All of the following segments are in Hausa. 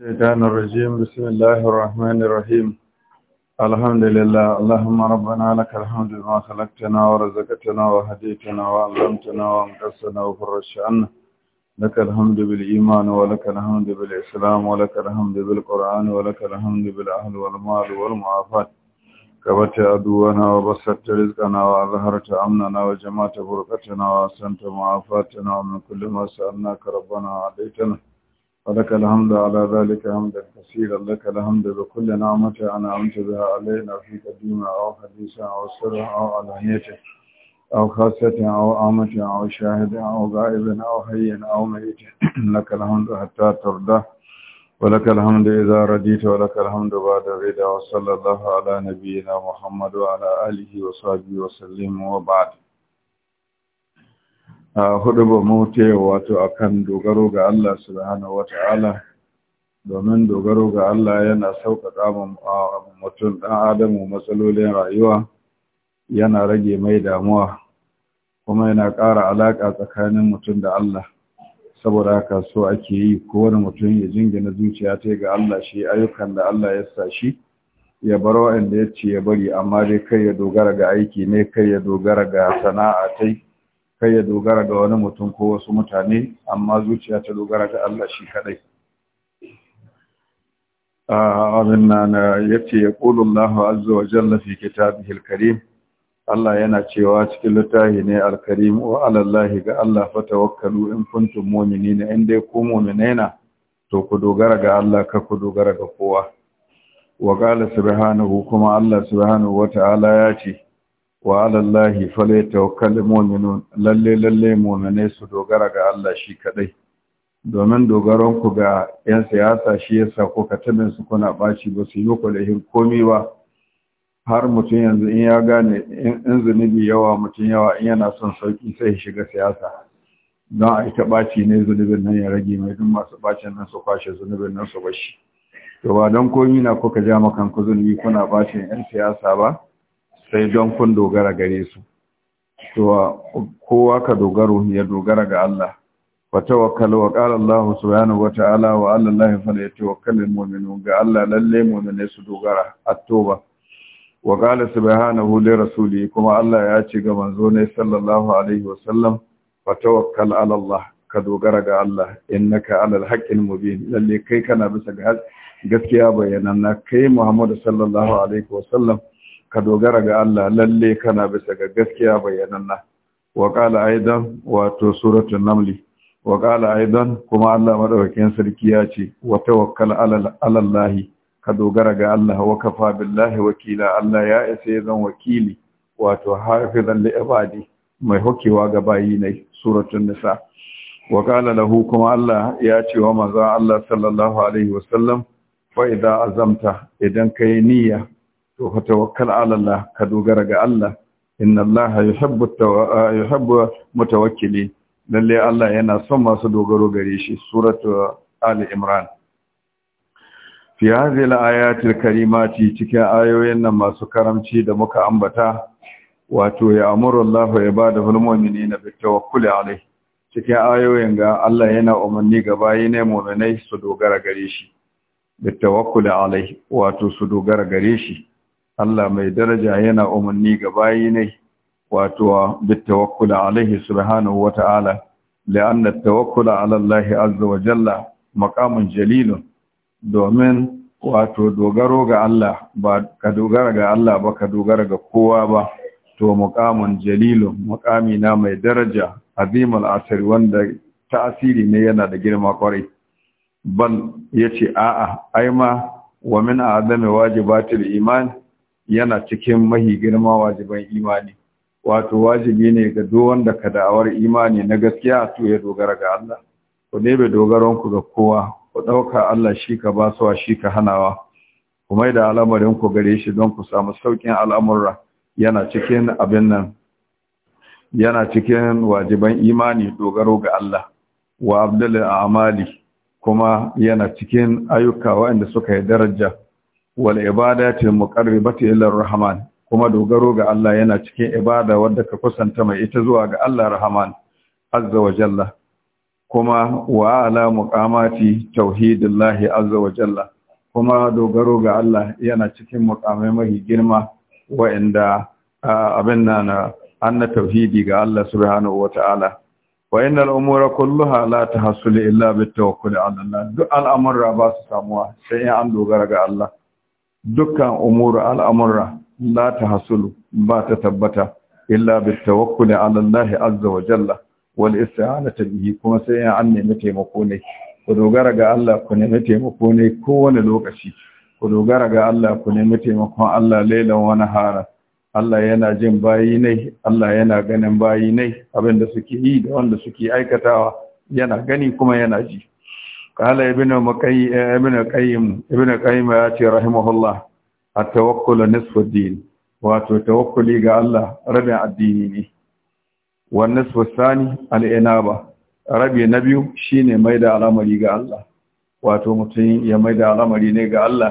الشيطان الرجيم بسم الله الرحمن الرحيم الحمد لله اللهم ربنا لك الحمد بما خلقتنا ورزقتنا وهديتنا وعلمتنا وانقصنا وفرجت عنا لك الحمد بالإيمان ولك الحمد بالإسلام ولك الحمد بالقرآن ولك الحمد بالأهل والمال والمعافات كبت عدونا وبسطت رزقنا وأظهرت أمننا وجمعت بركتنا وأحسنت معافاتنا ومن كل ما سألناك ربنا عليتنا ولك الحمد على ذلك حمدا كثيرا لك الحمد بكل نعمة أنعمت بها علينا في قديمة أو حديثة أو سرة أو علانية أو خاصة أو عامة أو شاهد أو غائب أو حي أو ميت لك الحمد حتى ترضى ولك الحمد إذا رديت ولك الحمد بعد الرضا وصلى الله على نبينا محمد وعلى آله وصحبه وسلم وبعد A hudu ba mota wato a kan dogaro ga Allah subhanahu wata'ala domin dogaro ga Allah yana sauƙaƙa mutum ɗan adamu matsalolin rayuwa yana rage mai damuwa kuma yana ƙara alaƙa tsakanin mutum da Allah saboda haka so ake yi kowane mutum ya jingina zuciya ta ga Allah shi ayyukan da Allah ya sa shi ya bar waɗanda ya ce ya bari amma dai kai ya dogara ga aiki ne kai ya dogara ga sana'a tai kai ya dogara ga wani mutum ko wasu mutane amma zuciya ta dogara ga Allah shi kadai abin na yace ya qulu Allahu azza wa jalla fi kitabihi al-karim Allah yana cewa cikin littafi ne al-karim wa ala Allahi ga Allah fatawakkalu in kuntum mu'minina in dai ku mu'minai na to ku dogara ga Allah ka ku dogara ga kowa wa qala subhanahu kuma Allah subhanahu wa ta'ala ya ce wa alallahi falai tawakkal mu'minun lalle lalle mu'mine su dogara ga Allah shi kadai domin dogaron ku ga yan siyasa shi yasa kuka tabin su kuna baci ba su yi muku lahin komai ba har mutum yanzu in ya gane in zunubi yawa mutum yawa in yana son sauki sai ya shiga siyasa don a ita ɓaci ne zunubin nan ya rage mai duk masu ɓacin nan su kwashe zunubin nan su bashi to ba don komi na kuka ja makan ku zunubi kuna ɓacin 'yan siyasa ba sai don kun dogara gare su to kowa ka dogaro ya dogara ga Allah wa tawakkalu wa qala Allah subhanahu wa ta'ala wa 'ala Allah falyatawakkalul mu'minun ga Allah lalle mu'mine su dogara at-tauba wa qala subhanahu li rasuli kuma Allah ya ce ga manzo ne sallallahu alaihi wa sallam wa tawakkal 'ala Allah ka dogara ga Allah innaka 'alal haqqil mubin lalle kai kana bisa ga gaskiya bayanan na kai Muhammad sallallahu alaihi wa sallam ka dogara ga Allah lalle kana bisa ga gaskiya bayyananna wa qala aidan wato suratul naml wa qala aidan kuma Allah madaukakin sarki ya ce wa tawakkal ala Allah ka dogara ga Allah wa kafa billahi wakila Allah ya isa zan wakili wato hafizan li ibadi mai hukewa ga bayi ne suratul nisa wa qala lahu kuma Allah ya ce wa manzo Allah sallallahu alaihi wasallam fa idza azamta idan kai niyya to fa tawakkal ala Allah ka dogara ga Allah inna Allah yuhibbu yuhibbu mutawakkili lalle Allah yana son masu dogaro gare shi suratu ali imran fi hadhihi alayatil karimati cikin ayoyin nan masu karamci da muka ambata wato ya amuru Allah ya bada mu'minina bi tawakkuli alayhi cikin ayoyin ga Allah yana umarni ga bayi ne mu'minai su dogara gare shi bi tawakkuli alayhi wato su dogara gare shi Allah mai daraja yana umarni ga bayi ne wato bitawakkul alaihi subhanahu wata'ala la'anna tawakkul ala Allah azza wa jalla maqamun jalilun domin wato dogaro ga Allah ba ka dogara ga Allah ba ka dogara ga kowa ba to muqamun jalilun muqami na mai daraja azimul asir wanda asiri ne yana da girma kwarai bal yace a'a ai ma wa min adami wajibatil iman yana cikin mahi girma wajiban imani wato wajibi ne ga duk wanda ka da'awar imani na gaskiya to ya dogara ga Allah ku bai dogaron ku ga kowa ku dauka Allah shi ka basuwa shi ka hanawa ku mai da al'amarin ku gare shi don ku samu saukin al'amura yana cikin abin nan yana cikin wajiban imani dogaro ga Allah wa abdul amali kuma yana cikin ayyuka waɗanda suka yi daraja wal ibadati muqarribati ila rahman kuma dogaro ga Allah yana cikin ibada wadda ka kusanta mai ita zuwa ga Allah rahman azza wa jalla kuma wa ala muqamati tauhidillahi azza wa jalla kuma dogaro ga Allah yana cikin muqamai mai girma wa'inda abin nan anna tauhidi ga Allah subhanahu wata'ala ta'ala wa innal umura kulluha la tahassul illa bit ala Allah duk al'amura ba su samuwa sai in an dogara ga Allah dukkan umuru al'amurra la ta hasulu ba ta tabbata illa bi tawakkuli ala Allah azza wa jalla wal isti'anati bihi kuma sai ya an nemi taimako ne ku dogara ga Allah ku nemi taimako ne kowane lokaci ku dogara ga Allah ku nemi taimakon Allah lailan wani hara Allah yana jin bayi ne Allah yana ganin bayi ne abinda suke yi da wanda suke aikatawa yana gani kuma yana ji قال bina مكي ابن قيم ya ce ياتي رحمه الله التوكل نصف الدين واتو توكلي ga Allah rabin addini ne wan nisfu sani al-inaba rabi na biyu shine mai da al'amari ga Allah wato mutum ya mai da al'amari ne ga Allah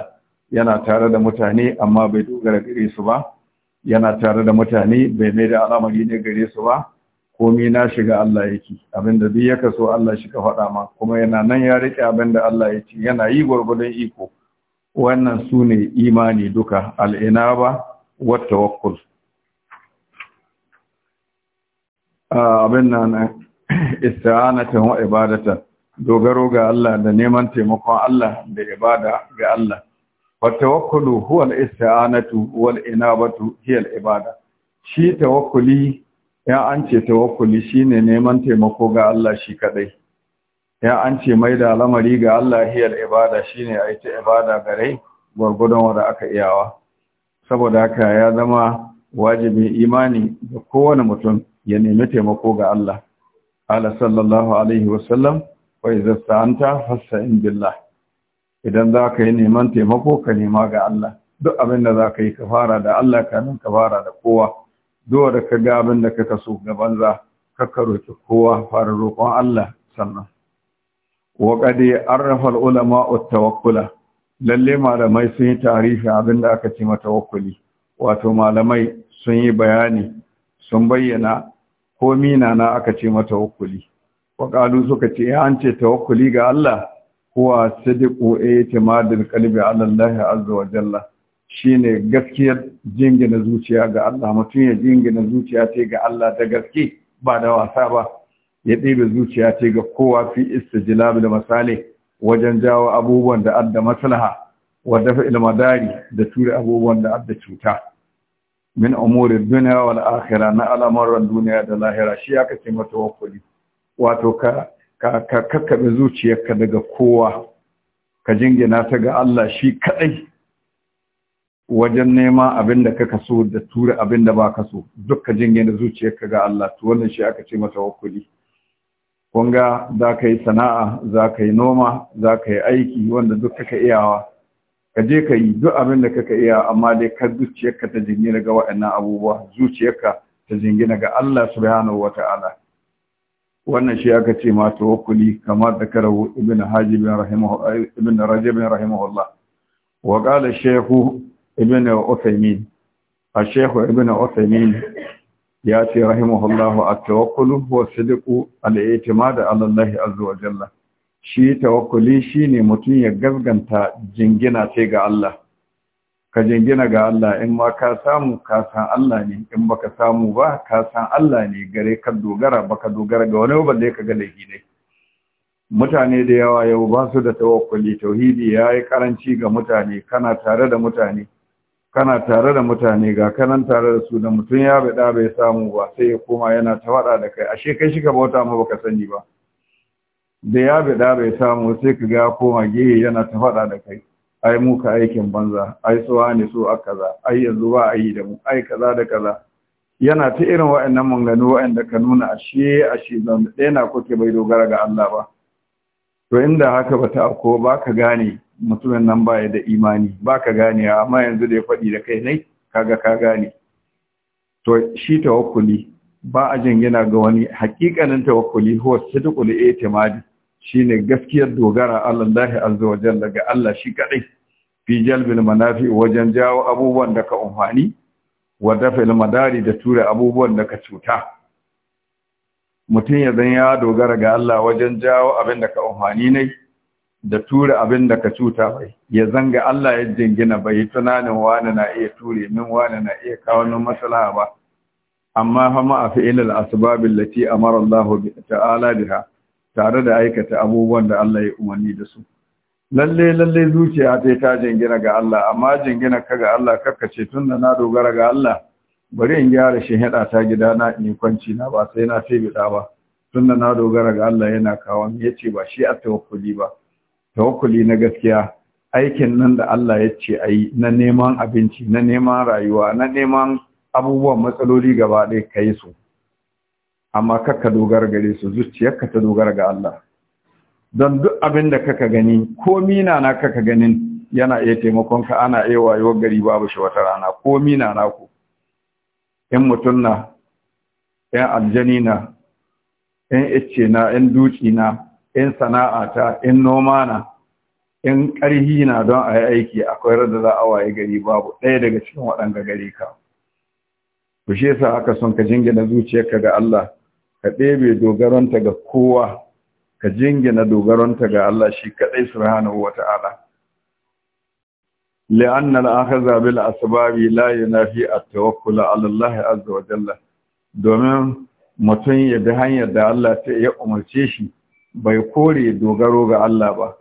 yana tare da mutane amma bai dogara gare su ba yana tare da mutane bai mai da al'amari ne gare su ba komi na shiga Allah yake abinda duk ya so Allah shi ka faɗa ma kuma yana nan ya rike abinda Allah ya ci. yana yi gwargwadon iko wannan su ne imani duka al'inaba wa tawakkul abin nan isti'anatan wa ibadata dogaro ga Allah da neman taimakon Allah da ibada ga Allah wa tawakkulu huwa al-isti'anatu wal inabatu hiya al-ibada shi tawakkuli ya an ce tawakkuli shine neman taimako ga Allah shi kadai ya an ce mai da lamari ga Allah hiyar ibada shine a ita ibada gare gwargwadon wanda aka iyawa saboda haka ya zama wajibin imani ga kowane mutum ya nemi taimako ga Allah ala sallallahu alaihi wasallam wa idza sta'anta fasta'in billah idan za ka yi neman taimako ka nema ga Allah duk abin da za ka yi ka fara da Allah kamin ka fara da kowa duwa da ka ga abin da kaka so ga banza kakka roƙi kowa fara roƙon Allah sannan wa qadi arrafa ulama at-tawakkula lalle malamai sun yi tarihi abin da aka ce matawakkuli wato malamai sun yi bayani sun bayyana ko mina na aka ce matawakkuli wakuli. qalu suka ce eh, an ce tawakkuli ga Allah huwa sadiqu itimadul qalbi ala Allah azza wa jalla shine gaskiyar jingina zuciya ga Allah mutum ya jingina zuciya ce ga Allah da gaske ba da wasa ba ya ɗebe zuciya ce ga kowa fi istijlab da misali wajen jawo abubuwan da adda maslaha wa dafa ilmadari da tura abubuwan da adda cuta min umuri dunya wal akhirah na al'amuran duniya da lahira shi aka ce mata wakuli wato ka ka zuciyarka daga kowa ka jingina ta ga Allah shi kaɗai? wajen nema abin da kaka so da tura abin da ba ka so dukka jingina zuciyarka ga Allah to wannan shi aka ce mata wakuli kunga za ka yi sana'a za ka yi noma za ka yi aiki wanda duk kaka iyawa ka je ka yi duk abin da kaka iya amma dai ka zuciyarka ta jingina ga waɗannan abubuwa zuciyarka ta jingina ga Allah subhanahu wata'ala wannan shi aka ce ma tawakkuli kamar da karahu ibn hajib rahimahu ibn rajab rahimahullah wa qala shaykhu ibn Uthaymin al-Sheikh ibn ya ce rahimahullahu at-tawakkul huwa sidqu al-i'timad ala Allah azza wa jalla shi tawakkuli shine mutum ya gaskanta jingina ce ga Allah ka jingina ga Allah in ma ka samu ka san Allah ne in baka samu ba ka san Allah ne gare ka dogara baka dogara ga wani balle ka ga laifi ne mutane da yawa yau ba su da tawakkuli tauhidi yayi karanci ga mutane kana tare da mutane kana tare da mutane ga kanan tare da su da mutum ya bada bai samu ba sai ya koma yana ta faɗa da kai ashe kai shika bauta ma baka sani ba da ya bada bai samu sai ka ga koma gehe yana ta faɗa da kai ai mu ka aikin banza ai suwa wani su a kaza ai yanzu ba a yi da mu ai kaza da kaza yana ta irin wa'annan manganu wa'anda ka nuna ashe ashe zan ɗaya na kuke bai dogara ga Allah ba to inda haka ba ta ko ba ka gane mutumin nan baya da imani ba ka gane amma yanzu da ya faɗi da kai nai kaga ka gane to shi tawakkuli ba a jin yana ga wani hakikanin tawakkuli huwa sidqul i'timadi shine gaskiyar dogara Allah lahi azza wa jalla ga Allah shi kadai fi jalbil manafi wajen jawo abubuwan da ka umfani wa dafil madari da tura abubuwan da ka cuta mutum ya zan ya dogara ga Allah wajen jawo abin da ka umfani ne da tura abin da ka cuta bai ya zanga Allah ya jingina bai yi tunanin wani na iya ture min wani na iya kawo min matsala ba amma hama a fi'ilal asbabil lati amara Allah ta'ala biha tare da aikata abubuwan da Allah ya umarni da su lalle lalle zuciya ta ta jingina ga Allah amma jingina ka ga Allah ce tun da na dogara ga Allah bari in gyara shi hada ta na in kwanci na ba sai na fi bida ba tun da na dogara ga Allah yana kawo yace ba shi a tawakkuli ba tawakkuli na gaskiya aikin nan da Allah ya ce ayi na neman abinci na neman rayuwa na neman abubuwan matsaloli gaba ɗaya ka yi su amma kakka dogara gare su zuciyarka ta dogara ga Allah don duk abin da kaka gani ko mina na kaka ganin yana iya taimakon ka ana iya wayo gari babu shi wata rana ko mina na ku in mutum na yan aljani na yan icce na yan duci na in sana'a ta in noma na in ƙarhi na don a yi aiki akwai rada za a waye gari babu ɗaya daga cikin waɗanga gari ka ku shi yasa haka son ka jingina zuciyarka ga Allah ka ɗebe dogaronta ga kowa ka jingina dogaronta ga Allah shi kaɗai subhanahu wa ta'ala لأن الأخذ بالأسباب لا ينافي التوكل على الله عز وجل domin mutum ya bi hanyar da Allah ta ya umarce shi bai kore dogaro ga Allah ba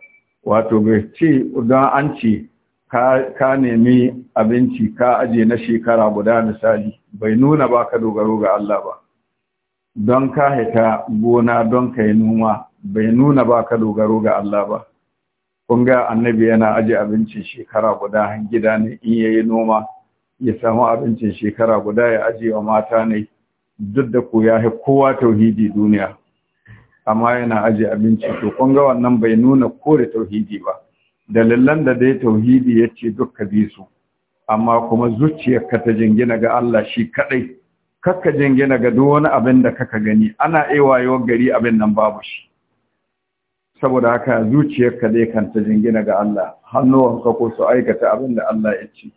wato bai ce don an ce ka nemi abinci ka aje na shekara guda misali bai nuna ba ka dogaro ga Allah ba don ka haita gona don ka yi noma bai nuna ba ka dogaro ga Allah ba Kunga annabi yana aje abincin shekara guda gida ne in yayi noma ya samu abincin shekara guda ya aje wa mata ne duk da ko ya kowa tauhidi duniya amma yana aje abinci to kun ga wannan bai nuna kore tauhidi ba dalilan da dai tauhidi yace ce ka bi su amma kuma zuciyarka ta jingina ga Allah shi kadai kakka jingina ga duk wani abin da kaka gani ana aiwayo gari abin nan babu shi saboda haka zuciyarka dai kan ta jingina ga Allah ka ko su aikata abin da Allah ya ce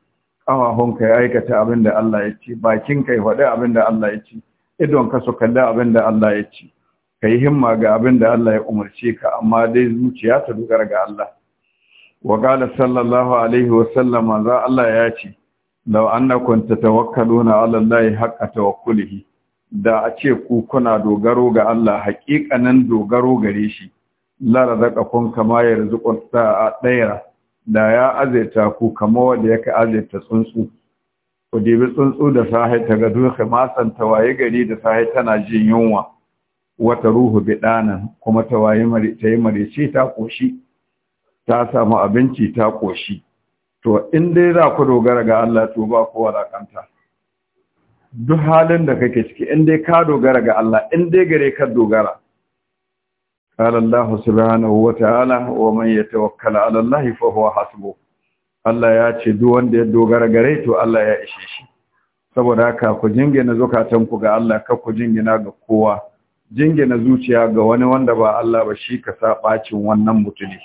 ƙafafunka ya aikata abin da Allah ya ci, bakinka ya faɗi abin da Allah ya idon ka su kalli abin da Allah ya ci. ka yi himma ga abin da Allah ya umarce ka amma dai zuciya ta dogara ga Allah wa qala sallallahu alaihi wa sallama za Allah ya ce law annakum tatawakkaluna ala Allah haqqa tawakkulihi da a ce ku kuna dogaro ga Allah haƙiƙanin dogaro gare shi la razaqakum kama yarzuqu a tayra da ya azaita ku kama wanda yake azaita tsuntsu ku dibi tsuntsu da sahi ta ga duka masan tawaye gari da sahi tana jin yunwa wata ruhu nan kuma ta yi marice ta ƙoshi ta samu abinci ta ƙoshi to in dai za ku dogara ga Allah to ba ku walakanta duk halin da kake ciki in dai ka dogara ga Allah in dai gare ka dogara qala Allah subhanahu wa ta'ala wa man yatawakkala 'ala Allah fa huwa hasbu Allah ya ce duk wanda ya dogara gare to Allah ya ishe shi saboda haka ku jingina zukatan ku ga Allah ka ku jingina ga kowa jingina zuciya ga wani wanda ba Allah ba shi ka sa bacin wannan mutuli.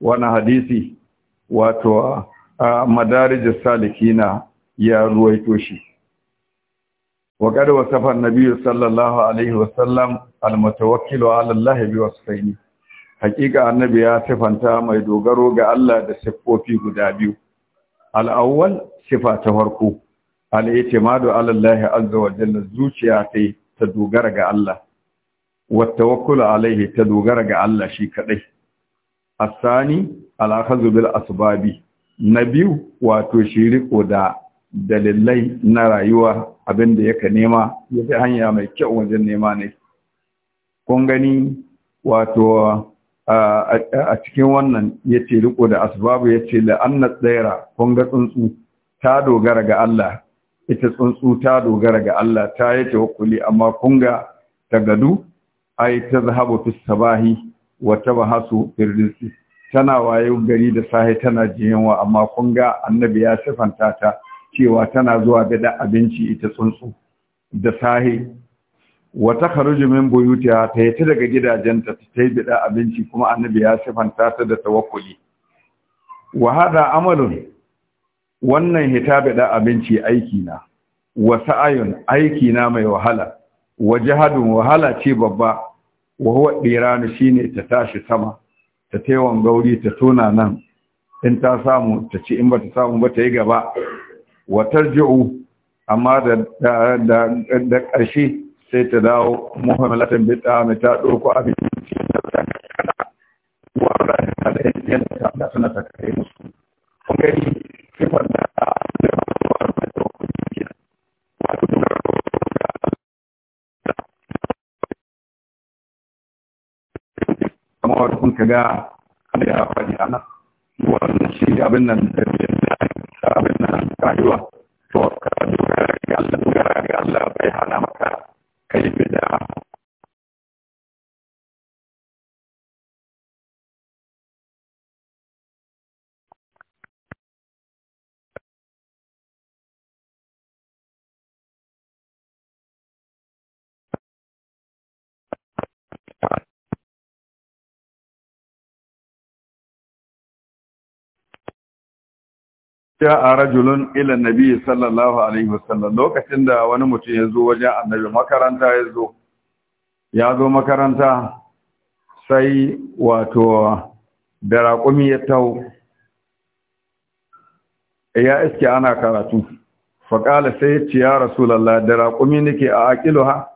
Wani hadisi wato a madarijar salikina ya ruwaito shi wa qad wa an-nabiy sallallahu alaihi wasallam al-mutawakkil ala Allah bi wasfaini hakika annabi ya sifanta mai dogaro ga Allah da siffofi guda biyu al-awwal sifa ta farko al-i'timadu ala Allah azza wa jalla zuciya ta ta dogara ga Allah wata wakula alaihi ta dogara ga Allah shi kaɗai A Sani akhadhu bil asbabi na biyu wato shi riko da dalilai na rayuwa abinda yaka nema ya fi hanya mai kyau wajen nema ne kun gani wato a cikin wannan ya ce riko da asubabi ya ce la'annar tsaira kun ga tsuntsu ta dogara ga Allah ita tsuntsu ta dogara ga Allah ta yi tawakkuli amma kunga ta gadu ai ta zahabu fi sabahi wa ta bahasu firdinsi. tana wayo gari da sahi tana jiyanwa amma kunga annabi ya sifanta ta cewa tana zuwa ga da abinci ita tsuntsu da sahi Wata takhruju min buyutiha ta yi daga gidajenta ta ta yi abinci kuma annabi ya sifanta ta da tawakkuli wa hada amalun wannan hitabe da abinci aiki na wa sa'ayun aiki na mai wahala wa jihadun wahala ce babba wa huwa diranu shine ta tashi sama ta taiwan gauri ta tona nan in ta samu ta ci in bata samu ba ta yi gaba wa tarji'u amma da da da ƙarshe sai ta dawo muhammadin bid'a mai ta ɗauko abinci wa ta da yadda ta da suna ta kai musu kun ka ga ya faɗi a nan wannan shi abin nan da abin nan kayuwa to ka dogara ga Allah dogara ga Allah bai hana ja a rajulun ilan nabi sallallahu alaihi wasallam lokacin da wani mutum ya zo wajen annabi makaranta ya zo ya zo makaranta sai wato da raƙumi ya tau ya iske ana karatu faƙala sai ya ciya rasulallah da raƙumi nake a ha?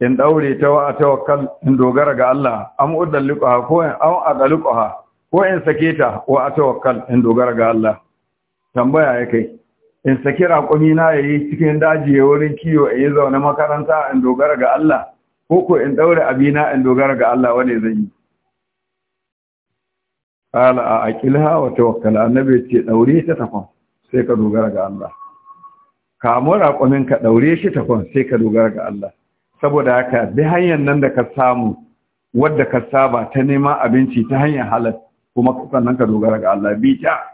in ɗaure ta wa a tawakkal in dogara ga Allah An udalliqaha ko ko in sake ta wa a tawakkal in dogara ga Allah tambaya ya kai in saki raƙumi na ya yi cikin daji ya wurin kiyo ya yi zaune makaranta in dogara ga Allah ko ko in ɗaure abina in dogara ga Allah wane zan yi ƙala a aƙilha wa tawakkala annabi ce ɗaure ta takwam sai ka dogara ga Allah kamu raƙumin ka ɗaure shi takwam sai ka dogara ga Allah saboda haka bi hanyar nan da ka samu wadda ka saba ta neman abinci ta hanyar halal kuma sannan ka dogara ga Allah bi ta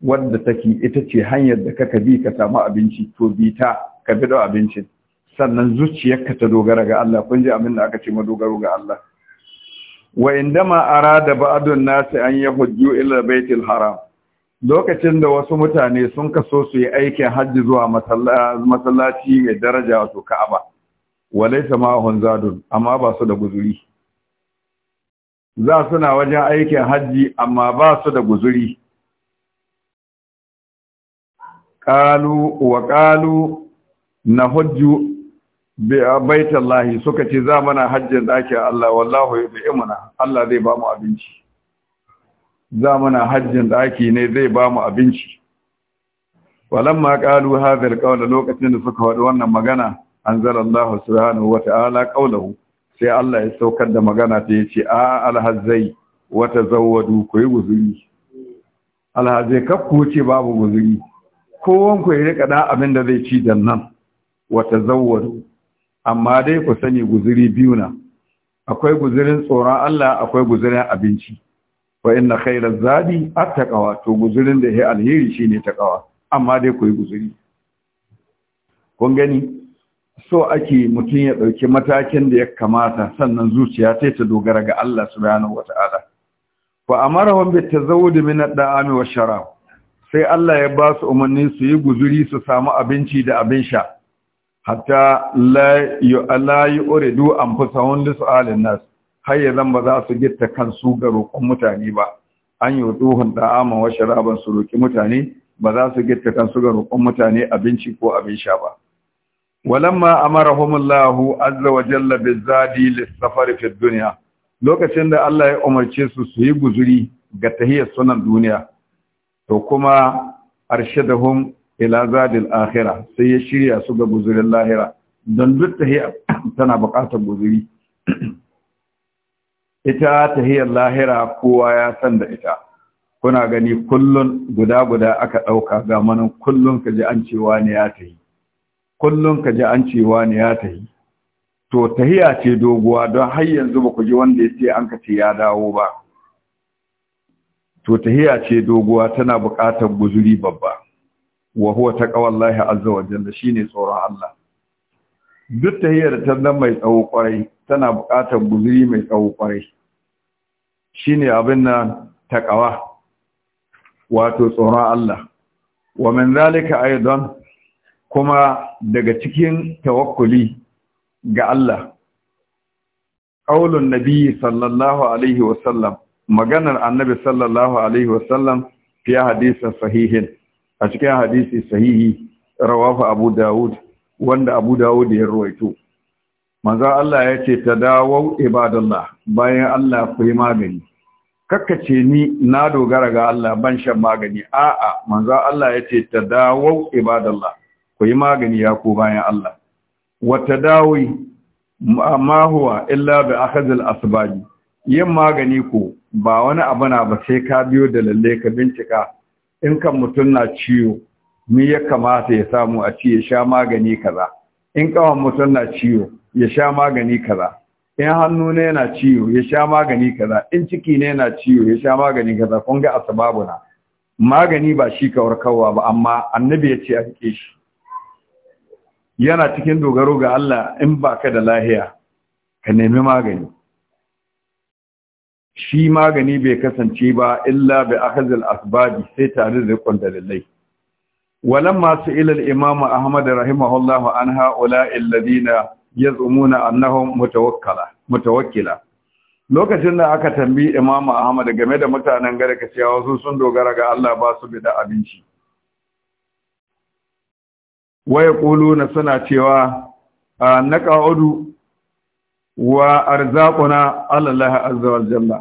wadda take ita ce hanyar da kaka bi ka samu abinci to bi ta ka bi da abincin sannan zuciyarka ta dogara ga Allah kun ji abin da aka ce madogaro ga Allah wa indama arada ba'dun nasi an yahujju ila baitil haram lokacin da wasu mutane sun kaso su yi aikin hajji zuwa masallaci mai daraja wato Ka'aba walaysa hun zadun amma ba su da guzuri za suna wajen aikin hajji amma ba su da guzuri qalu wa qalu nahujju bi baitallahi suka ce za mana hajjin daki Allah wallahu yu'imuna Allah zai ba mu abinci za mana hajjin daki ne zai ba mu abinci walamma qalu hadhal alqawla lokacin da suka wada wannan magana anzalallahu subhanahu wata'ala qawluhu sai Allah ya saukar da magana ta yace a alhazai wata tazawwadu ku yi guzuri alhazzai kakku babu guzuri kowan ku rika da abin da zai ci dan nan wa tazawwadu amma dai ku sani guzuri biyu na akwai guzurin tsoron Allah akwai guzurin abinci wa inna khairaz zadi attaqwa to guzurin da ya alheri shine taqwa amma dai ku yi guzuri kun gani so ake mutum ya ɗauki matakin da ya kamata sannan zuciya ta ta dogara ga Allah subhanahu wata'ala amara hum bitazawwud min ad-da'ami wash-sharab sai Allah ya ba su umarni su yi guzuri su samu abinci da abin sha hatta la yuridu anfusahum li su'alin nas har ya zan ba za su gitta su ga roƙon mutane ba an yi duhun da'ama wa sharaban su roƙi mutane ba za su gitta su ga roƙon mutane abinci ko abin sha ba walamma amarahumullahu azza wa jalla bizadi lis fid dunya lokacin da Allah ya umarce su su yi guzuri ga tahiyar sunan duniya to kuma arshadahum ila zadil akhirah sai ya shirya su ga buzurin lahira don duk tahiyya tana buƙatar buzuri ita tahiyyar lahira kowa ya san da ita kuna gani kullun guda guda aka ɗauka ga manan kullun ka ji an cewa ne ya tahi kullun ka ji an cewa ne ya tahi to tahiya ce doguwa don har yanzu ba ku ji wanda ya ce an ka ce ya dawo ba to tahiya ce doguwa tana buƙatar guzuri babba wa huwa lahi azza wa jalla shine tsoron Allah duk tahiyar ta mai tsawo kwarai tana buƙatar guzuri mai tsawo kwarai shine abin nan taqwa wato tsoron Allah wa min zalika aidan kuma daga cikin tawakkuli ga Allah qaulun nabi sallallahu alaihi wasallam maganar annabi sallallahu alaihi wasallam ya hadisin sahihin a cikin hadisi sahihi rawafa abu dawud wanda abu dawud ya ruwaito manzo Allah ya ce tadawau ibadallah bayan Allah ku yi magani kakkace ni na dogara ga Allah ban shan magani a'a manzo Allah ya ce tadawau ibadallah ku yi magani ya ku bayan Allah wa tadawi ma huwa illa bi akhadh al-asbab yin magani ko ba wani abu na ba sai ka biyo da lalle ka bincika in kan mutum na ciwo ni ya kamata ya samu a ci ya sha magani kaza in kawan mutum na ciwo ya sha magani kaza in hannu ne yana ciwo ya sha magani kaza in ciki ne yana ciwo ya sha magani kaza kun ga asbabuna magani ba shi kawar kawwa ba amma annabi ya ce a rike shi yana cikin dogaro ga Allah in baka da lahiya ka nemi magani shi magani bai kasance ba illa bi akhazil asbabi sai tare da rikon ma su ila al-imam ahmad rahimahullah an ula alladina yaz'umuna annahum mutawakkala mutawakkila lokacin da aka tambi imam ahmad game da mutanen gare ka cewa su sun dogara ga Allah ba su bi da abinci waya kuluna suna cewa Na qa'udu wa arzaquna Allah azza wa jalla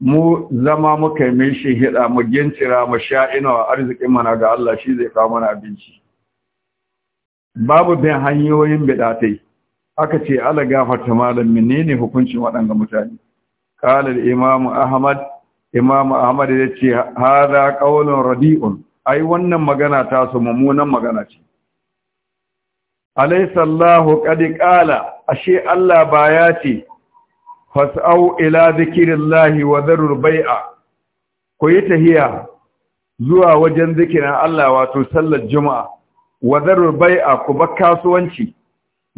mu zama muka mai shi hida mu gincira mu sha ina arzikin mana ga Allah shi zai kawo mana abinci babu bin hanyoyin bidatai aka ce ala gafarta malam menene hukuncin waɗanda mutane qala al-imam ahmad imam ahmad yace hada qawlun radi'un ai wannan magana ta su mummunan magana ce alaysa Allahu ƙala ashe Allah ba ya ce fas'au ila zikrillahi wa dharul bai'a ku yi tahiya zuwa wajen zikirin Allah wato sallar juma'a wa dharul bai'a ku ba kasuwanci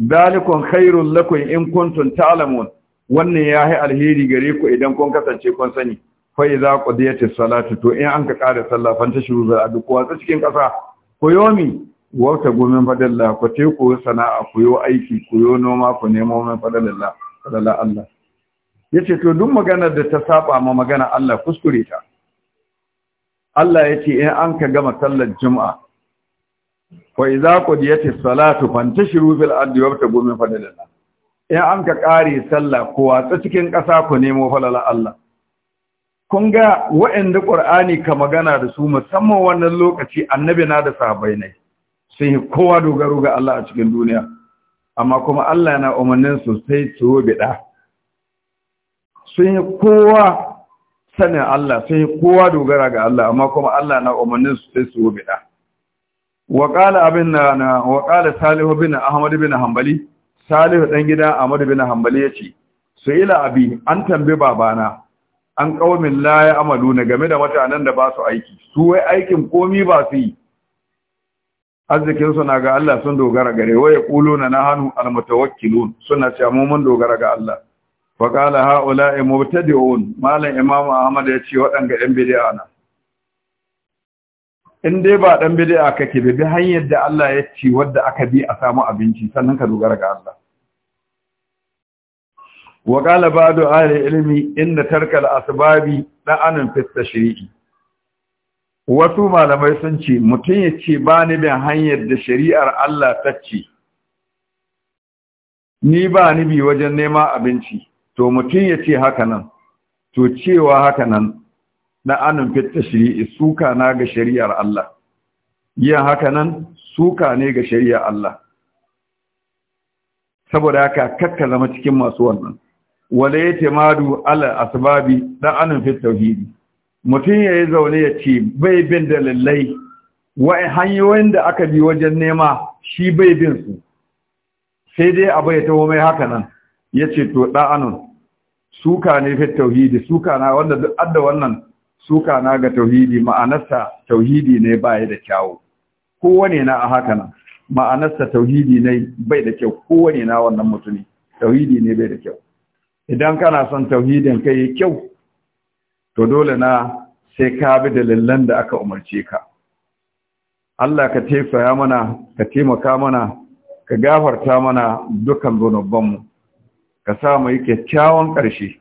Dalikon khairul lakum in kuntum ta'lamun wannan yayi alheri gare ku idan kun kasance kun sani fa idza qudiyatis salatu to in an ka kare sallah fanta za a duk kowa cikin ƙasa ku yomi wauta gumin fadalla ku te ku sana'a ku yo aiki ku yo noma ku nemo min fadalla fadalla Allah yace to duk maganar da ta saba ma magana Allah kuskure ta Allah yace in an ka gama sallar juma'a fa idza yati salatu fantashiru fil ardi wabtagu min fadlillah in an ka kare sallah ku watsa cikin ƙasa ku nemo fadlan Allah kun ga wa'anda Qur'ani ka magana da su musamman wannan lokaci annabi na da sahabbai ne sun yi kowa dogaro ga Allah a cikin duniya amma kuma Allah na umarnin su sai su sun yi kowa sanin Allah sun yi kowa dogara ga Allah amma kuma Allah na umarnin su sai su bida wa abin na na waƙala Salihu bin Ahmadu bin hanbali Salihu ɗan gida Ahmadu bin hanbali Su ila abi an tambi babana an qaumin laye amalu na game da mutanen da ba su aiki su wai aikin komi ba su yi arzikin na ga Allah sun dogara gare waye kuluna na hannu almutawakkilun suna cewa mu mun dogara ga Allah fa qala haula'i mubtadi'un malam imam ahmad ya ce waɗanga ɗan bid'a na in dai ba dan bid'a kake bi bi hanyar da Allah ya ce wadda aka bi a samu abinci sannan ka dogara ga Allah wa qala ba'du ahli ilmi inna tarkal asbabi da'anun fi tashri'i wasu malamai sun ce mutum ya ce ba ni bin hanyar da shari'ar Allah ta ce ni ba ni bi wajen nema abinci to mutum ya ce haka nan to cewa haka nan na anan fitta shari'i suka na ga shari'ar Allah yin haka nan suka ne ga shari'ar Allah saboda haka kakka zama cikin masu wannan wala yatimadu ala asbabi da anan fitta tauhidi mutum ya yi zaune ya ce bai bin lallai, wai hanyoyin da aka bi wajen nema shi bai bin su sai dai abu ya taho mai haka nan ya ce to ɗa'anun suka ne fi tauhidi suka na wanda duk adda wannan suka na ga tauhidi ma'anarsa tauhidi ne baya da kyawu kowane na a haka nan ma'anarsa tauhidi ne bai da kyau kowane na wannan mutumi tauhidi ne bai da kyau idan kana son tauhidin kai kyau to dole na sai ka bi dalilan da aka umarce ka Allah ka taifaya mana ka taimaka mana ka gafarta mana dukan zunubanmu ka sa mu yi kyakkyawan ƙarshe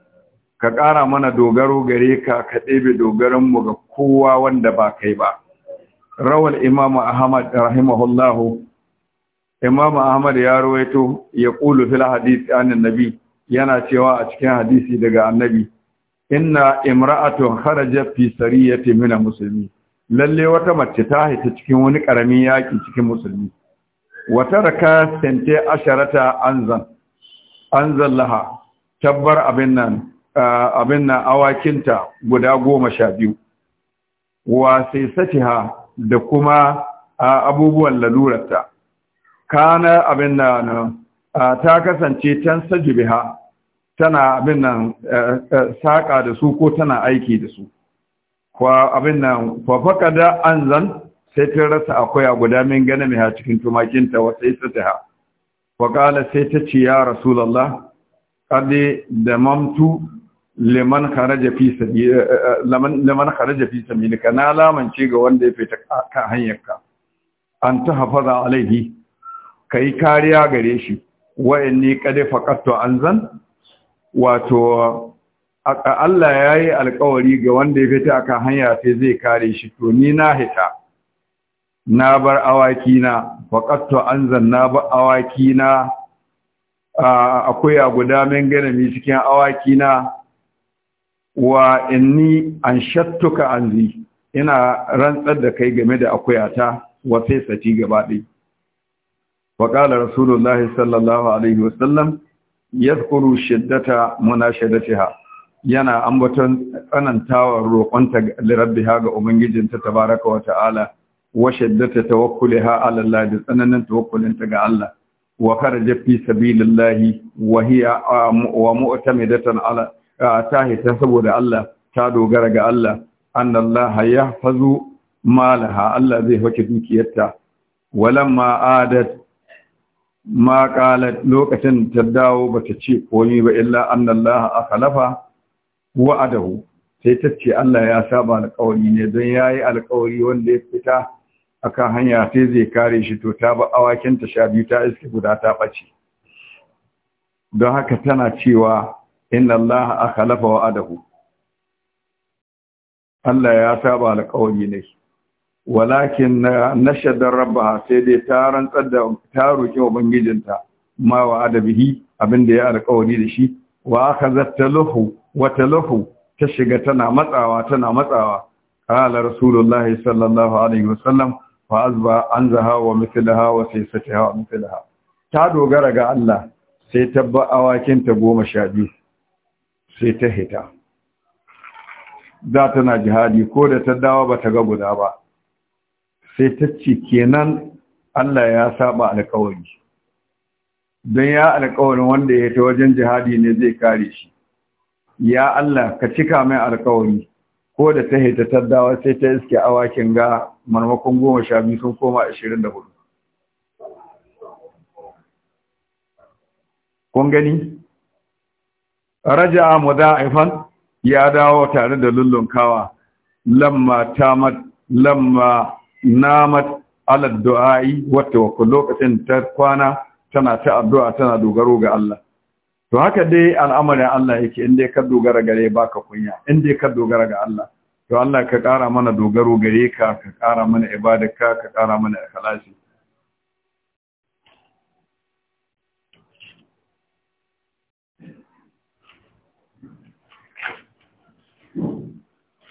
ka ƙara mana dogaro gare ka ka ɗebe mu ga kowa wanda ba kai ba rawal imamu ahmad rahimahullahu Imam ahmad ya rawaito ya ƙulu fil hadisi anin nabi yana cewa a cikin hadisi daga annabi inna imra'atun kharajat fi sariyati min musulmi lalle wata mace ta haita cikin wani karamin yaki cikin musulmi Wata raka sente asharata anzan anzan laha tabbar abin nan abin nan awakinta guda goma sha biyu wa sai satiha da kuma abubuwan lalurarta kana abin nan ta kasance tan ha. tana abin nan eh, eh, saƙa da su ko tana aiki da su kwa abin nan fafaka da an zan sai ta rasa akwai a guda min gane mai cikin tumakinta wata isa ta ha sai ta ce ya rasulallah ƙaɗe da mamtu liman kharaja fi sabilika na lamance ga wanda ya fita kan hanyarka an ta laifi alaihi yi kariya gare shi ƙade qad an zan. wato Allah ya yi alkawari ga wanda ya fita akan hanya sai zai kare shi to ni na hita na bar awaki na faƙattu an zanna bar awaki na akwai a guda min ganami cikin awaki na wa inni an shattuka an zi ina rantsar da kai game da akuyata wa sati gaba ɗai. Waƙalar Rasulullahi sallallahu Alaihi wasallam yadkuru shiddata munashadatiha yana ambaton tsanantawa roƙonta lirabbiha ga ubangijinta tabaraka wa ta'ala wa shiddata tawakkuliha ala Allah da tsananin tawakkulinta ga Allah wa kharaja fi sabilillahi wa hiya wa mu'tamidatan ala tahita saboda Allah ta dogara ga Allah annallaha yahfazu malaha Allah zai hake dukiyarta walamma adat ma ƙala lokacin ta dawo ba ta ce komai ba illa annallaha wa adahu. sai ta ce Allah ya saba alƙawari ne don yayi alƙawari wanda ya fita akan hanya sai zai kare shi to ta ba awakin ta sha biyu ta iske guda ta bace don haka tana cewa inna Allah wa adahu. Allah ya saba alƙawari ne walakin nashadar rabbaha sai dai ta rantsar da ta roki ubangijinta ma wa adabihi abinda ya alƙawari da shi wa akhazat taluhu wa taluhu ta shiga tana matsawa tana matsawa qala rasulullah sallallahu alaihi wasallam fa azba zaha wa mithlaha wa saysataha wa mithlaha ta dogara ga Allah sai ta ba awakin ta biyu sai ta hita da tana jihadi ko da ta dawo bata ga guda ba sai ta ce kenan Allah ya saba alkawari don ya alkawarin wanda ya ta wajen jihadi ne zai kare shi ya Allah ka cika mai alkawari ko da ta haita taddawa sai ta iske awakin ga marmakon goma sha biyu sun koma ashirin da hudu kun gani raja muda'ifan ya dawo tare da lullunkawa lamma tamat lamma namat alal du'ai wa lokacin ta kwana tana ta addu'a tana dogaro ga Allah to haka dai al'amarin Allah yake inda ka dogara gare baka kunya in ka dogara ga Allah to Allah ka kara mana dogaro gare ka ka kara mana ibadarka ka kara mana ikhlasi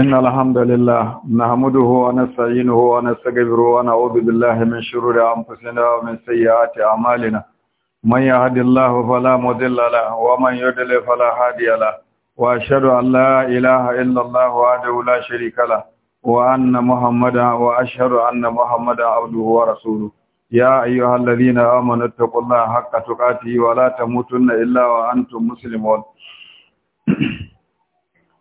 إن الحمد لله نحمده ونستعينه ونستغفره ونعوذ بالله من شرور أنفسنا ومن سيئات أعمالنا من يهد الله فلا مضل له ومن يضلل فلا هادي له وأشهد أن لا إله إلا الله وحده لا شريك له وأن محمدا وأشهد أن محمدا عبده ورسوله يا أيها الذين آمنوا اتقوا الله حق تقاته ولا تموتن إلا وأنتم مسلمون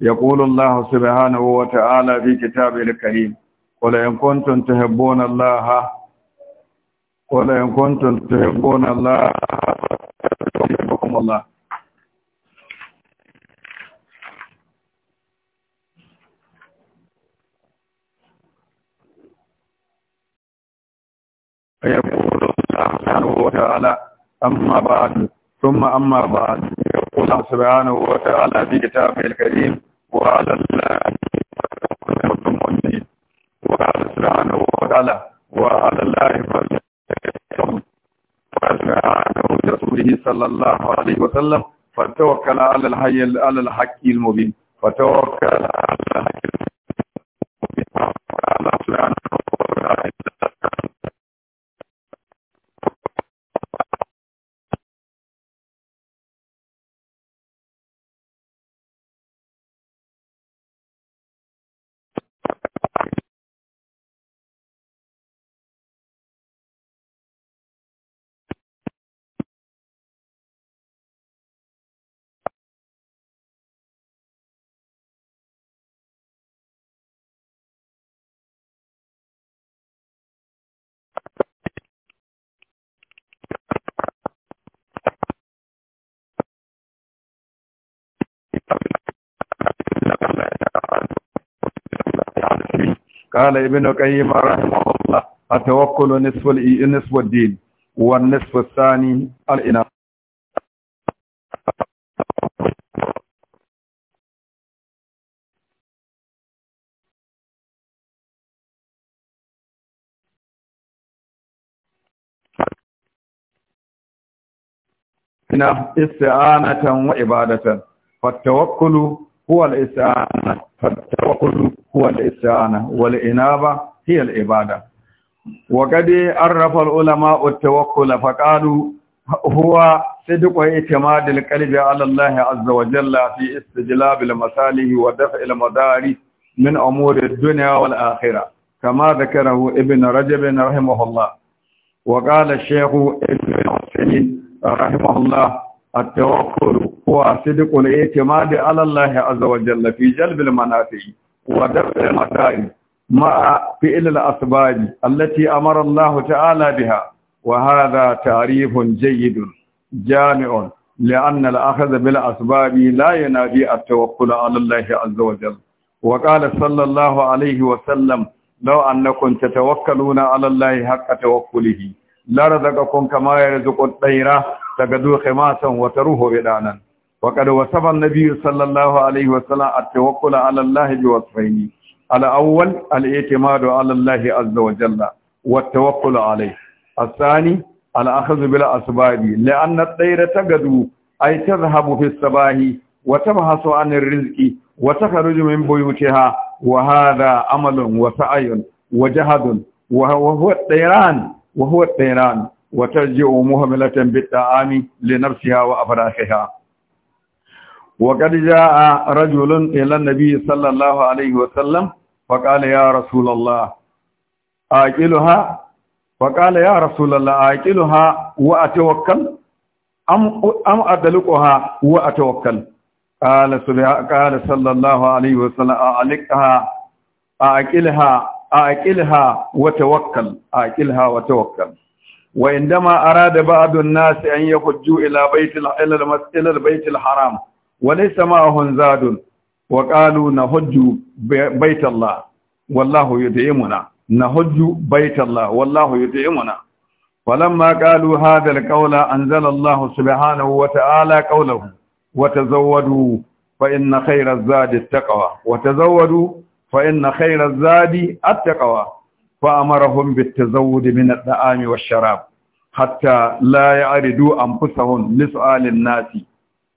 يقول الله سبحانه وتعالى في كتابه الكريم قل إن كنتم تحبون الله قل إن كنتم تحبون الله يحبكم الله يقول الله سبحانه وتعالى أما بعد ثم أما بعد يقول سبحانه وتعالى في كتابه الكريم وعلى الله وقال سبحانه وتعالى وعلى الله فليتوكل سبحانه ورسوله صلى الله عليه وسلم فتوكل على الحي على الحق المبين فتوكل على الحق المبين وعلى سبحانه وتعالى قال ابن القيم رحمه الله التوكل نصف نصف الدين والنصف الثاني الإناء استعانة وعبادة فالتوكل هو الاستعانة فالتوكل هو الاستعانة والإنابة هي العبادة وقد عرف العلماء التوكل فقالوا هو صدق اعتماد القلب على الله عز وجل في استجلاب المصالح ودفع المدار من أمور الدنيا والآخرة كما ذكره ابن رجب رحمه الله وقال الشيخ ابن حسين رحمه الله التوكل هو صدق الاعتماد على الله عز وجل في جلب المنافع ودفع المصائب مع فعل الأسباب التي أمر الله تعالى بها وهذا تعريف جيد جامع لأن الأخذ بالأسباب لا ينافي التوكل على الله عز وجل وقال صلى الله عليه وسلم لو أنكم تتوكلون على الله حق توكله لرزقكم كما يرزق الطيرة tagadu wata wa taruhu nan. wa qad wasaba an sallallahu alaihi wa at-tawakkul ala Allah bi wasfaini al-awwal al-i'timadu ala Allah azza wa jalla wa at-tawakkul alayhi الثاني الأخذ بالأسباب لأن الطير تغدو أي تذهب في الصباح وتبحث عن الرزق وتخرج من بيوتها وهذا عمل وسعي وجهد وهو الطيران وهو الطيران وترجع مهملة بالطعام لنفسها وأفراخها وقد جاء رجل إلى النبي صلى الله عليه وسلم فقال يا رسول الله آكلها فقال يا رسول الله آكلها وأتوكل أم, أم أدلقها وأتوكل قال, قال صلى الله عليه وسلم أعلقها آكلها آكلها وتوكل آكلها وتوكل wa indama arada ba'adun nas an yahujju hujju baitil ila al baitil haram wa laysa ma'ahum zadun wa qalu nahujju baitallah wallahu yud'imuna nahujju baitallah wallahu فلما قالوا هذا القول أنزل الله سبحانه وتعالى قوله وتزودوا فإن خير الزاد التقوى وتزودوا فإن خير الزاد التقوى فأمرهم بالتزود من الطعام والشراب حتى لا يعرضوا أنفسهم لسؤال الناس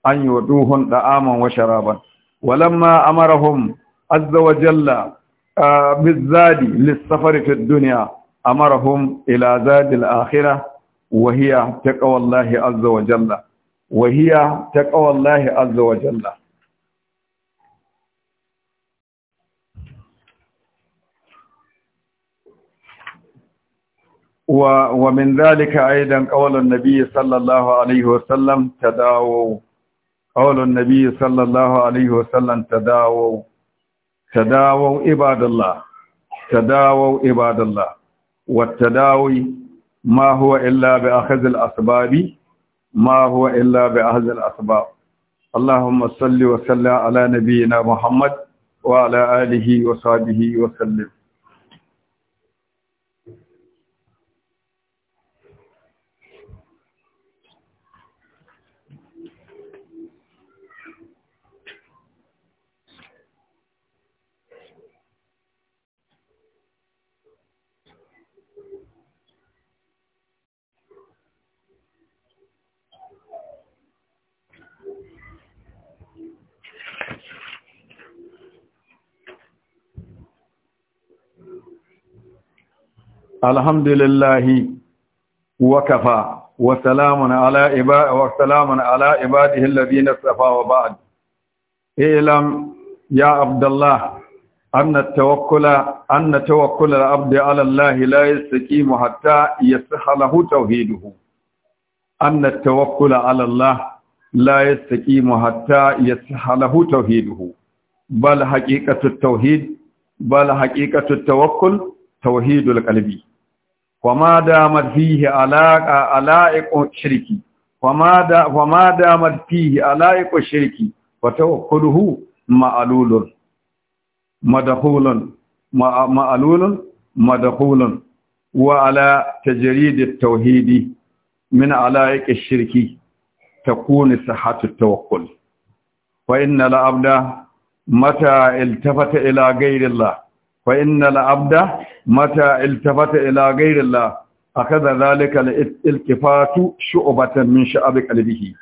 أن يعطوهم طعاما وشرابا ولما أمرهم عز وجل بالزاد للسفر في الدنيا أمرهم إلى زاد الآخرة وهي تقوى الله عز وجل وهي تقوى الله عز وجل ومن ذلك أيضا قول النبي صلى الله عليه وسلم تداووا قول النبي صلى الله عليه وسلم تداووا تداووا عباد الله تداووا عباد الله والتداوي ما هو إلا بأخذ الأسباب ما هو إلا بأخذ الأسباب اللهم صل وسلم على نبينا محمد وعلى آله وصحبه وسلم alhamdulillahi wa kafa wa salamun ala ibadihi wa salamun ala ibadihi alladhina safa wa ya abdullah anna tawakkula anna tawakkula al-abdi ala allah la hatta yasihha lahu tawhiduhu anna tawakkula ala allah la yastaqimu hatta yasihha lahu tawhiduhu bal haqiqatu at-tauhid bal tauhidul qalbi wa ma damat fihi alaqa shirki wa ma da wa ma damat fihi alaiqu shirki min alaiqi shirki takunu sihhatu at-tawakkul wa mata ila ghayri fa innal mata iltafata ila ghayrillah akaza zalika al-iltifatu shu'batan min sha'ab qalbihi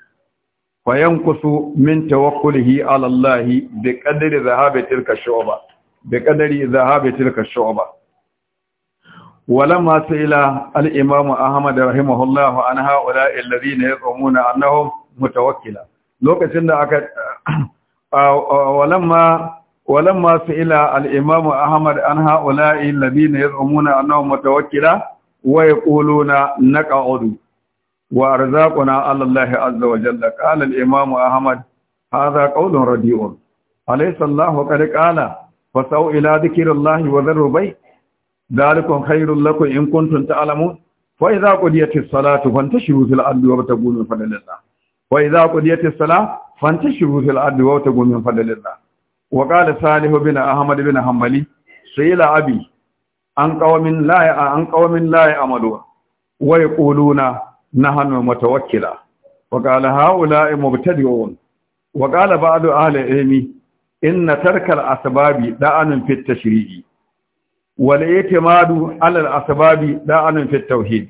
fa yanqusu min tawakkulihi ala Allah bi qadri dhahabi tilka shu'ba bi qadri dhahabi tilka shu'ba ولما سئل الإمام أحمد رحمه الله عن هؤلاء الذين يزعمون أنهم متوكلا لوكسن ولما ولما سئل الإمام أحمد عن هؤلاء الذين يزعمون أنهم متوكلة ويقولون نقعد وأرزاقنا على الله عز وجل قال الإمام أحمد هذا قول رديء أليس الله قد قال فسعوا إلى ذكر الله وذروا بيت ذلكم خير لكم إن كنتم تعلمون فإذا قضيت الصلاة فانتشروا في الأرض وابتغوا من فضل الله وإذا قضيت الصلاة فانتشروا في الأرض وابتغوا من فضل الله wa qala salih bin ahmad bin hanbali sayla abi an qawmin la ya an qawmin la ya amalu wa yaquluna nahnu mutawakkila wa qala haula mubtadi'un wa qala ba'du ahli ilmi inna tarkal asbabi da'anun fit tashri'i wal i'timadu 'ala al asbabi da'anun fit tauhid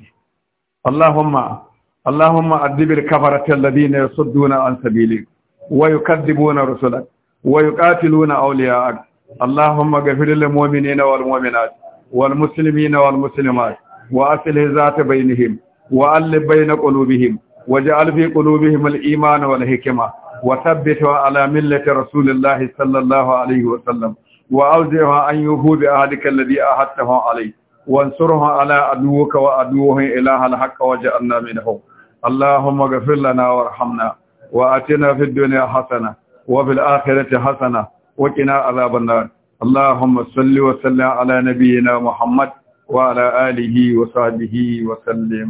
allahumma اللهم أدب الكفرة الذين يصدون عن سبيلك ويكذبون رسلك ويقاتلون أولياءك اللهم اغفر للمؤمنين والمؤمنات والمسلمين والمسلمات وأصله ذات بينهم وألف بين قلوبهم وجعل في قلوبهم الإيمان والحكمة وثبتها على ملة رسول الله صلى الله عليه وسلم وأوزعها أن يوفوا بأهلك الذي أهدته عليه وانصرها على عدوك وعدوهم إله الحق وجعلنا منهم اللهم اغفر لنا وارحمنا وآتنا في الدنيا حسنة وفي الآخرة حسنة وقنا عذاب النار اللهم صل وسلم على نبينا محمد وعلى آله وصحبه وسلم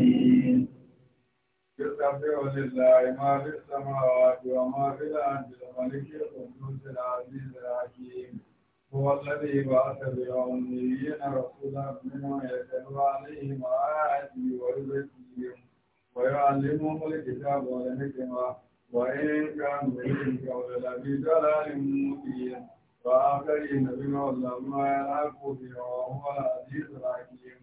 يسبح لله ما في السماوات وما في الأرض الملك القدوس العزيز الحكيم هو الذي بعث بالأميين رسولا منهم يتلو عليهم آياته ويزكيهم ويعلمهم الكتاب والحكمة وإن كانوا من قبل لفي ضلال مبين وآخرين بما لما يلحقوا بهم وهو العزيز الحكيم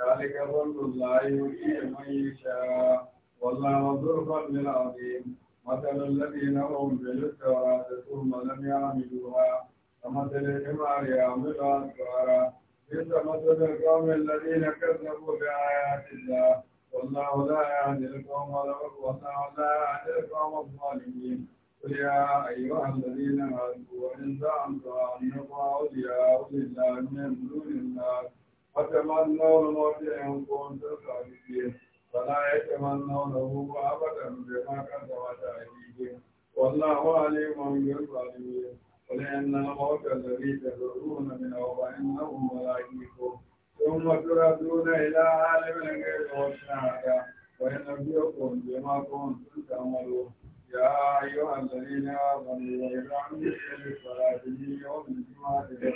ذلك فضل الله يؤتيه من يشاء والله ذو الفضل العظيم مثل الذين هم التوراة ثم لم يعملوها كمثل الحمار يعمل أسفارا بئس مثل القوم الذين كذبوا بآيات الله والله لا يهدي القوم والله لا يهدي القوم الظالمين قل يا أيها الذين هدوا إن زعمتم أن أولياء لله من دون الله فتمنوا الموت إن كنتم صادقين فلا يتمنونه أبدا بما قدمت أيديهم والله عليم بالظالمين قل إن الموت الذي تدعون منه فإنه ملائككم ثم تردون إلى عالم الغيب والشهادة وينبئكم بما كنتم تعملون يا أيها الذين آمنوا إذا عملتم الصلاة من يوم الجمعة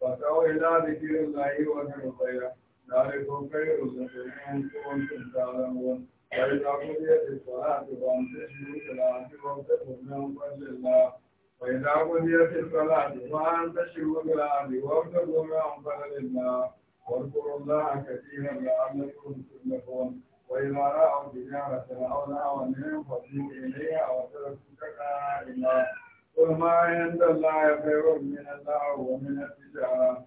فاسعوا إلى ذكر الله وذكر الخير ذلكم خير لكم إن كنتم تعلمون فإذا قضيت الصلاة فانتشروا في الأرض وابتغوا من فضل الله وإذا قضيت الصلاة فانتشروا في الأرض وابتغوا من فضل الله واذكروا الله كثيرا لعلكم تفلحون وإذا رأوا تجارة أو نهوا انفضوا إليها وتركوك قائما قل ما عند الله خير من الله ومن التجارة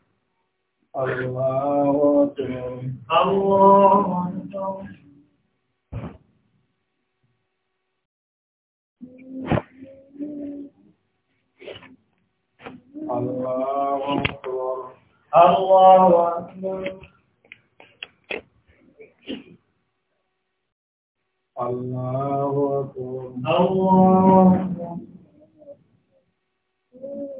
الله أكبر الله أكبر الله أكبر الله أكبر الله أكبر الله أكبر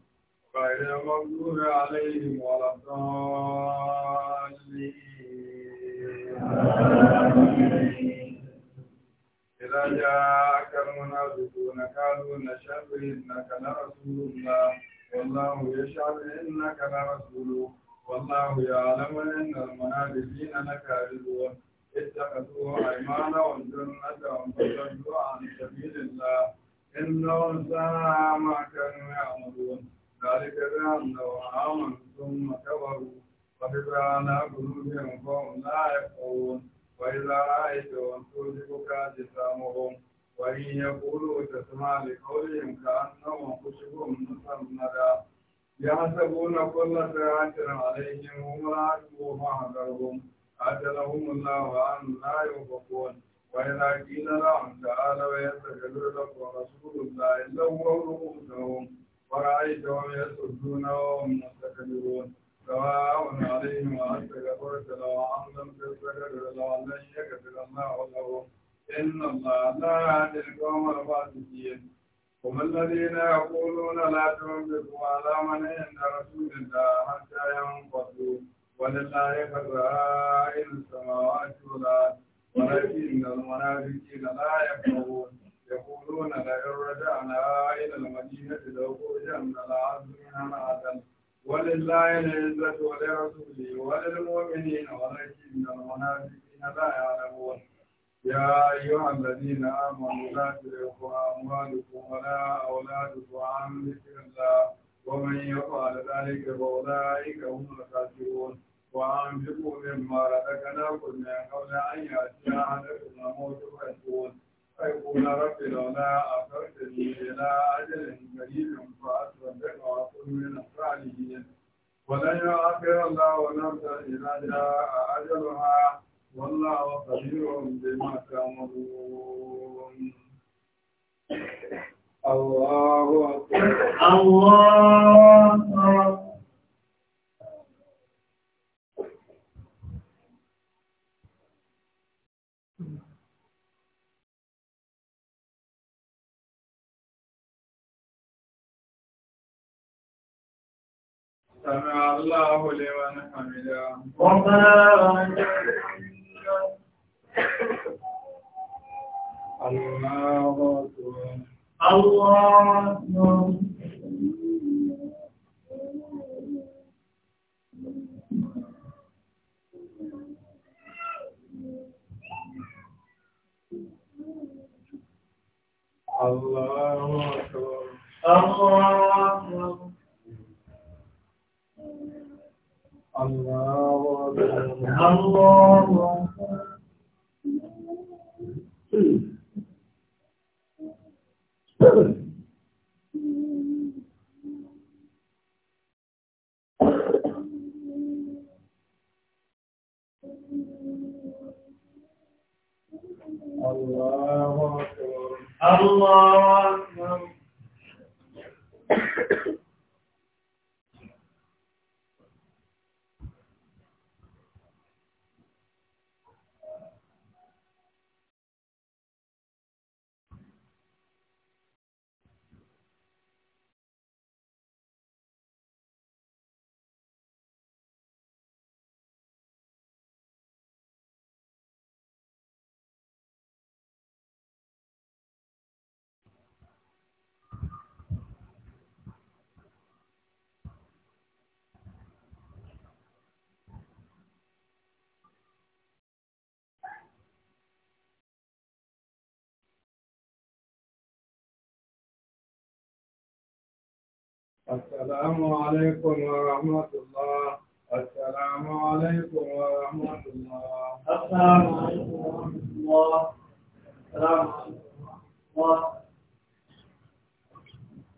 غير المغضوب عليهم ولا الضالين إذا جاءك المنافقون قالوا نشهد إنك لرسول الله والله يشهد إنك لرسوله والله يعلم إن المنافقين لكاذبون اتخذوا أيمانهم جنة فصدوا عن سبيل الله إنهم ساء ما كانوا يعملون ذلك بأن وعاما ثم كبروا وكفانا قلوبهم فهم لا يفقهون وإذا رأيتهم تعجبك جسامهم وإن يقولوا تسمع لقولهم كأنهم خشب مسندا يحسبون كل ساعة عليهم هم العدو فاحذرهم أجلهم الله أن لا يوفقون وإذا قيل لهم تعالوا يستغفر لكم رسول الله إلا هو رؤوسهم ورأيتهم وهم مستكبرون سواء عليهم أستغفرت لو أن لم تستغفر لن يغفر الله لهم إن الله لا يهدي القوم الفاسقين هم الذين يقولون لا تنفقوا على من عند رسول الله حتى ينفضوا ولله خزائن السماوات والأرض ولكن المنافقين لا يفقهون يقولون لئن رجعنا إلى المدينة العظيم آدم ولله العزة ولرسوله وللمؤمنين ولكن المنافقين لا يعلمون يا أيها الذين آمنوا لا تلقوا أموالكم ولا أولادكم عن ذكر الله ومن يفعل ذلك فأولئك هم الخاسرون وأنفقوا مما رزقناكم من قبل أن يأتي أحدكم الموت فيقول فيكون ربنا أخرتني إلى أجل قريب فأصدق وأكون من الصالحين ولن يؤخر الله نفسا إذا جاء أجلها والله خبير بما تعملون الله أكبر الله أكبر سمع الله لمن حمده ربنا الله أكبر الله أكبر الله أكبر الله السلام عليكم ورحمة الله السلام عليكم ورحمة الله السلام عليكم ورحمة الله السلام عليكم ورحمة الله